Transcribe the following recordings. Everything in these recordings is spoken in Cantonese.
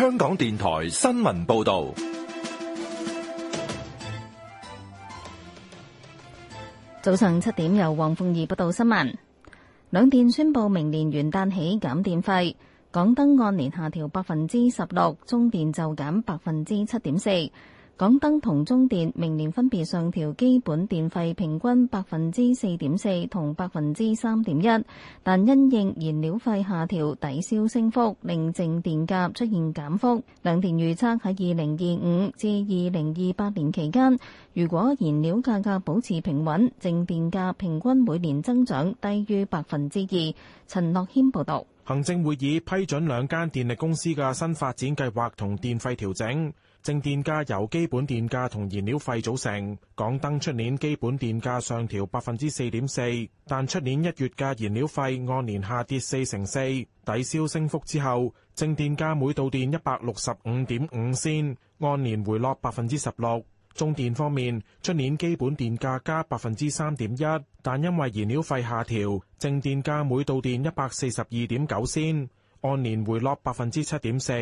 香港電台新聞報道，早上七點由黃鳳儀報道新聞。兩電宣佈明年元旦起減電費，港燈按年下調百分之十六，中電就減百分之七點四。港燈同中電明年分別上調基本電費平均百分之四點四同百分之三點一，但因應燃料費下調抵消升幅，令淨電價出現減幅。兩電預測喺二零二五至二零二八年期間，如果燃料價格保持平穩，淨電價平均每年增長低於百分之二。陳樂軒報導。行政會議批准兩間電力公司嘅新發展計劃同電費調整。正電價由基本電價同燃料費組成。港燈出年基本電價上調百分之四點四，但出年一月嘅燃料費按年下跌四成四，抵消升幅之後，正電價每度電一百六十五點五仙，按年回落百分之十六。中電方面，出年基本電價加百分之三點一，但因為燃料費下調，正電價每度電一百四十二點九仙，按年回落百分之七點四。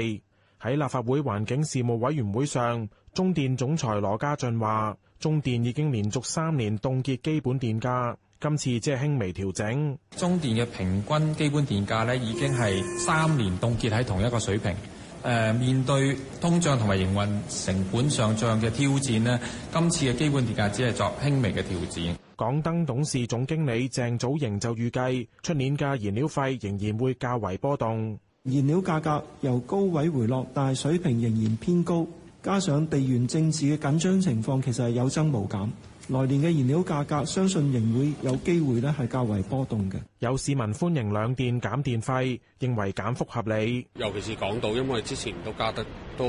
喺立法會環境事務委員會上，中電總裁羅家俊話：中電已經連續三年凍結基本電價，今次只係輕微調整。中電嘅平均基本電價咧已經係三年凍結喺同一個水平。誒、呃，面對通脹同埋營運成本上漲嘅挑戰咧，今次嘅基本電價只係作輕微嘅調整。港燈董事總經理鄭祖瑩就預計，出年嘅燃料費仍然會較為波動。燃料價格由高位回落，但係水平仍然偏高。加上地緣政治嘅緊張情況，其實係有增無減。來年嘅燃料價格，相信仍會有機會咧，係較為波動嘅。有市民歡迎兩電減電費，認為減幅合理。尤其是港島，因為之前都加得都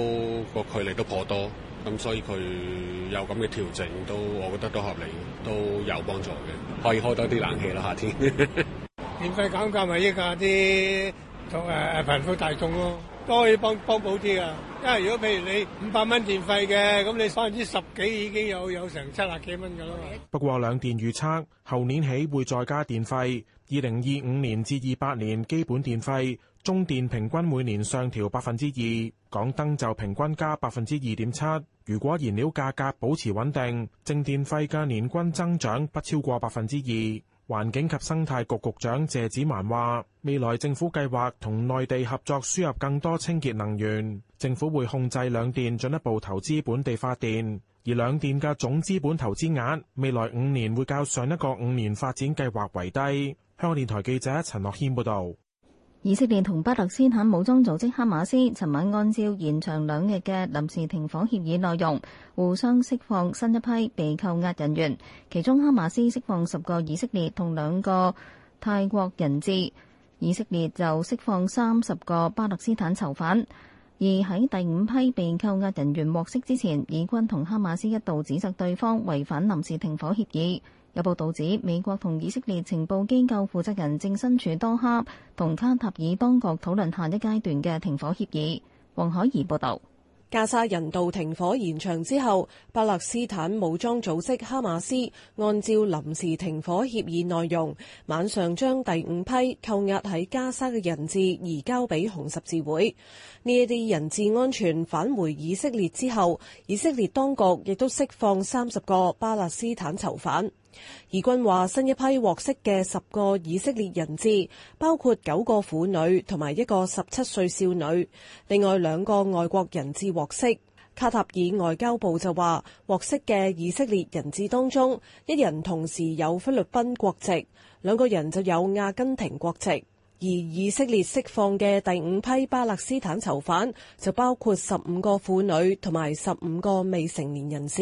個距離都頗多，咁所以佢有咁嘅調整，都我覺得都合理，都有幫助嘅，可以多開多啲冷氣啦。夏天電 費減價，咪益下啲。同誒貧富大眾咯，都可以幫幫補啲啊。因為如果譬如你五百蚊電費嘅，咁你百分之十幾已經有有成七十幾蚊噶啦。不過兩電預測，後年起會再加電費，二零二五年至二八年基本電費，中電平均每年上調百分之二，港燈就平均加百分之二點七。如果燃料價格保持穩定，正電費嘅年均增長不超過百分之二。環境及生態局局長謝子曼話，未來政府計劃同內地合作輸入更多清潔能源，政府會控制兩電進一步投資本地發電，而兩電嘅總資本投資額未來五年會較上一個五年發展計劃為低。香港電台記者陳樂謙報道。以色列同巴勒斯坦武裝組織哈馬斯，尋晚按照延長兩日嘅臨時停火協議內容，互相釋放新一批被扣押人員。其中，哈馬斯釋放十個以色列同兩個泰國人質，以色列就釋放三十個巴勒斯坦囚犯。而喺第五批被扣押人員獲釋之前，以軍同哈馬斯一度指責對方違反臨時停火協議。有報道指，美國同以色列情報機構負責人正身處多哈，同卡塔爾當局討論下一階段嘅停火協議。王海怡報道，加沙人道停火延長之後，巴勒斯坦武裝組織哈馬斯按照臨時停火協議內容，晚上將第五批扣押喺加沙嘅人質移交俾紅十字會。呢一啲人質安全返回以色列之後，以色列當局亦都釋放三十個巴勒斯坦囚犯。以軍話：新一批獲釋嘅十個以色列人質，包括九個婦女同埋一個十七歲少女。另外兩個外國人質獲釋。卡塔爾外交部就話：獲釋嘅以色列人質當中，一人同時有菲律賓國籍，兩個人就有阿根廷國籍。而以色列釋放嘅第五批巴勒斯坦囚犯，就包括十五個婦女同埋十五個未成年人士。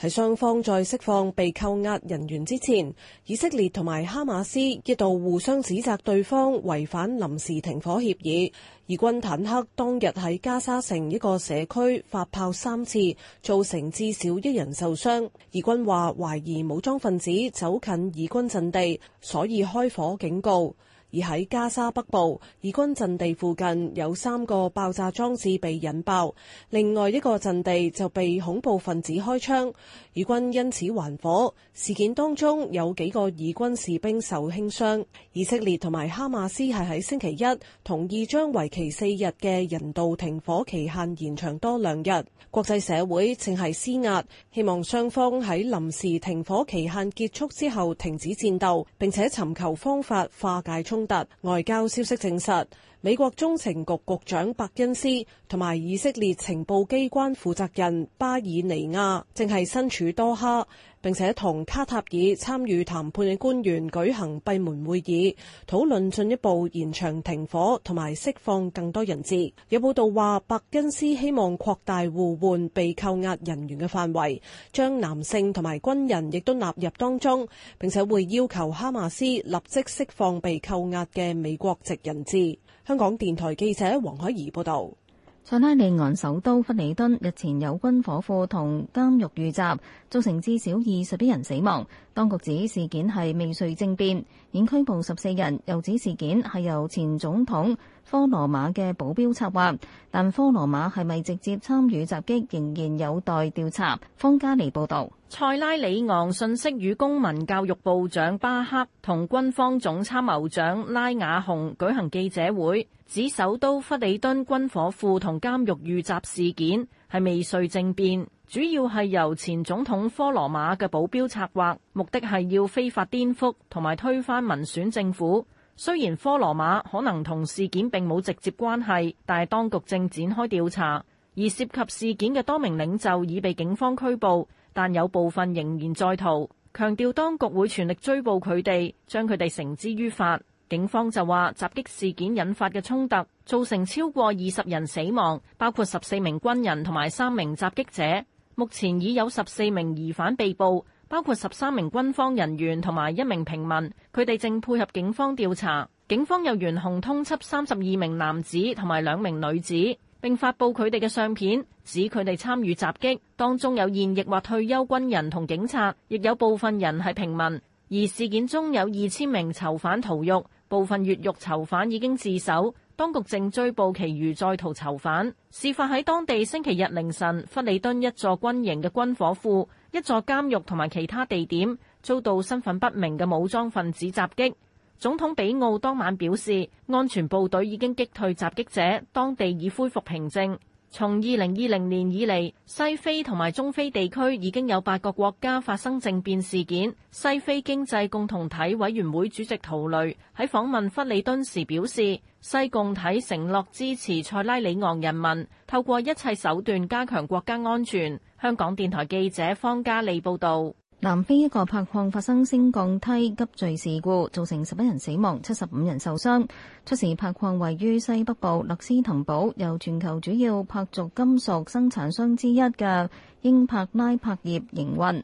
喺雙方在釋放被扣押人員之前，以色列同埋哈馬斯一度互相指責對方違反臨時停火協議。以軍坦克當日喺加沙城一個社區發炮三次，造成至少一人受傷。以軍話懷疑武裝分子走近以軍陣地，所以開火警告。而喺加沙北部，以軍陣地附近有三個爆炸裝置被引爆，另外一個陣地就被恐怖分子開槍，以軍因此還火。事件當中有幾個以軍士兵受輕傷。以色列同埋哈馬斯係喺星期一同意將為期四日嘅人道停火期限延長多兩日。國際社會正係施壓，希望雙方喺臨時停火期限結束之後停止戰鬥，並且尋求方法化解衝突。外交消息證實，美國中情局局長伯恩斯同埋以色列情報機關負責人巴爾尼亞正係身處多哈。並且同卡塔爾參與談判嘅官員舉行閉門會議，討論進一步延長停火同埋釋放更多人質。有報道話，白金斯希望擴大互換被扣押人員嘅範圍，將男性同埋軍人亦都納入當中，並且會要求哈馬斯立即釋放被扣押嘅美國籍人質。香港電台記者黃海怡報道。塞拉利昂首都弗里敦日前有軍火庫同監獄遇襲，造成至少二十一人死亡。當局指事件係未遂政變，已拘捕十四人，又指事件係由前總統科羅馬嘅保鏢策劃，但科羅馬係咪直接參與襲擊仍然有待調查。方家妮報道。塞拉里昂信息與公民教育部長巴克同軍方總參謀長拉雅雄舉行記者會，指首都弗里敦軍火庫同監獄遇襲事件係未遂政變，主要係由前總統科羅馬嘅保鏢策劃，目的係要非法顛覆同埋推翻民選政府。雖然科羅馬可能同事件並冇直接關係，但係當局正展開調查，而涉及事件嘅多名領袖已被警方拘捕。但有部分仍然在逃，強調當局會全力追捕佢哋，將佢哋繩之於法。警方就話，襲擊事件引發嘅衝突造成超過二十人死亡，包括十四名軍人同埋三名襲擊者。目前已有十四名疑犯被捕，包括十三名軍方人員同埋一名平民，佢哋正配合警方調查。警方又懸紅通緝三十二名男子同埋兩名女子。並發布佢哋嘅相片，指佢哋參與襲擊，當中有現役或退休軍人同警察，亦有部分人係平民。而事件中有二千名囚犯逃獄，部分越獄囚犯已經自首，當局正追捕其餘在逃囚犯。事發喺當地星期日凌晨，弗里敦一座軍營嘅軍火庫，一座監獄同埋其他地點遭到身份不明嘅武裝分子襲擊。總統比奧當晚表示，安全部隊已經擊退襲擊者，當地已恢復平靜。從二零二零年以嚟，西非同埋中非地區已經有八個國家發生政變事件。西非經濟共同體委員會主席圖雷喺訪問弗里敦時表示，西共體承諾支持塞拉里昂人民，透過一切手段加強國家安全。香港電台記者方嘉利報道。南非一個鉑礦發生升降梯急墜事故，造成十一人死亡、七十五人受傷。出事鉑礦位於西北部勒斯滕堡，由全球主要鉑族金屬生產商之一嘅英帕拉鉑業營運。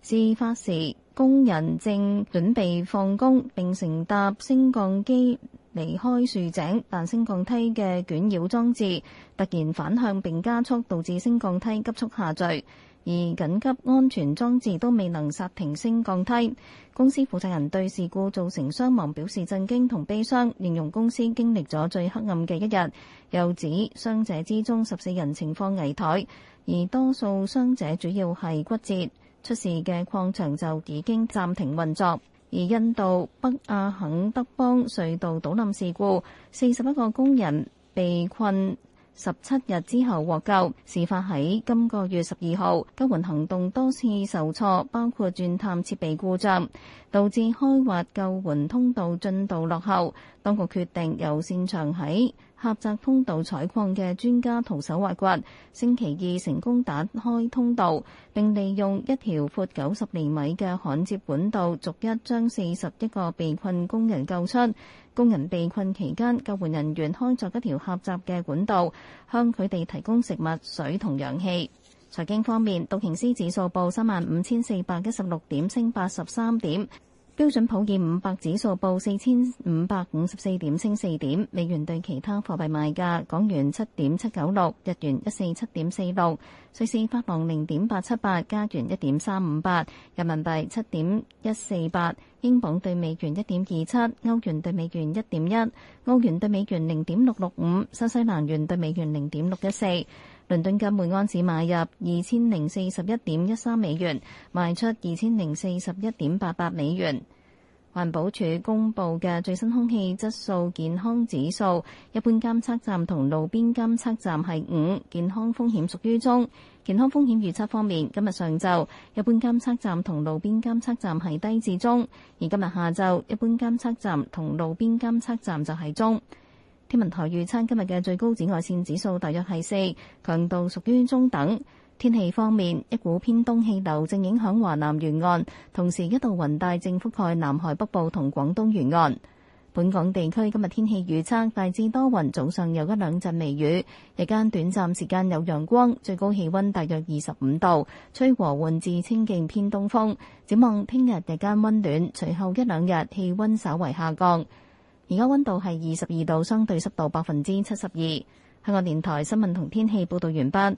事發時，工人正準備放工並乘搭升降機離開豎井，但升降梯嘅捲繞裝置突然反向並加速，導致升降梯急速下墜。而緊急安全裝置都未能剎停升降梯。公司負責人對事故造成傷亡表示震驚同悲傷，形容公司經歷咗最黑暗嘅一日。又指傷者之中十四人情況危殆，而多數傷者主要係骨折。出事嘅礦場就已經暫停運作。而印度北阿肯德邦隧道倒冧事故，四十一個工人被困，十七日之後獲救。事發喺今個月十二號，救援行動多次受挫，包括鑽探設備故障，導致開挖救援通道進度落後。當局決定由現場喺狹窄通道採礦嘅專家徒手挖掘，星期二成功打開通道，並利用一條闊九十厘米嘅焊接管道，逐一將四十一個被困工人救出。工人被困期間，救援人員開鑿一條狹窄嘅管道，向佢哋提供食物、水同氧氣。財經方面，道瓊斯指數報三萬五千四百一十六點，升八十三點。標準普爾五百指數報四千五百五十四點，升四點。美元對其他貨幣賣價：港元七點七九六，日元一四七點四六，瑞士法郎零點八七八，加元一點三五八，人民幣七點一四八，英鎊對美元一點二七，歐元對美元一點一，澳元對美元零點六六五，新西蘭元對美元零點六一四。倫敦金每安士買入二千零四十一點一三美元，賣出二千零四十一點八八美元。環保署公布嘅最新空氣質素健康指數，一般監測站同路邊監測站係五，健康風險屬於中。健康風險預測方面，今日上晝一般監測站同路邊監測站係低至中，而今日下晝一般監測站同路邊監測站就係中。天文台預測今日嘅最高紫外線指數大約係四，強度屬於中等。天氣方面，一股偏東氣流正影響華南沿岸，同時一道雲帶正覆蓋南海北部同廣東沿岸。本港地區今日天，天氣預測大致多雲，早上有一兩陣微雨，日間短暫時間有陽光，最高氣溫大約二十五度，吹和緩至清勁偏東風。展望聽日日間溫暖，隨後一兩日氣溫稍為下降。而家溫度係二十二度，相對濕度百分之七十二。香港電台新聞同天氣報道完畢。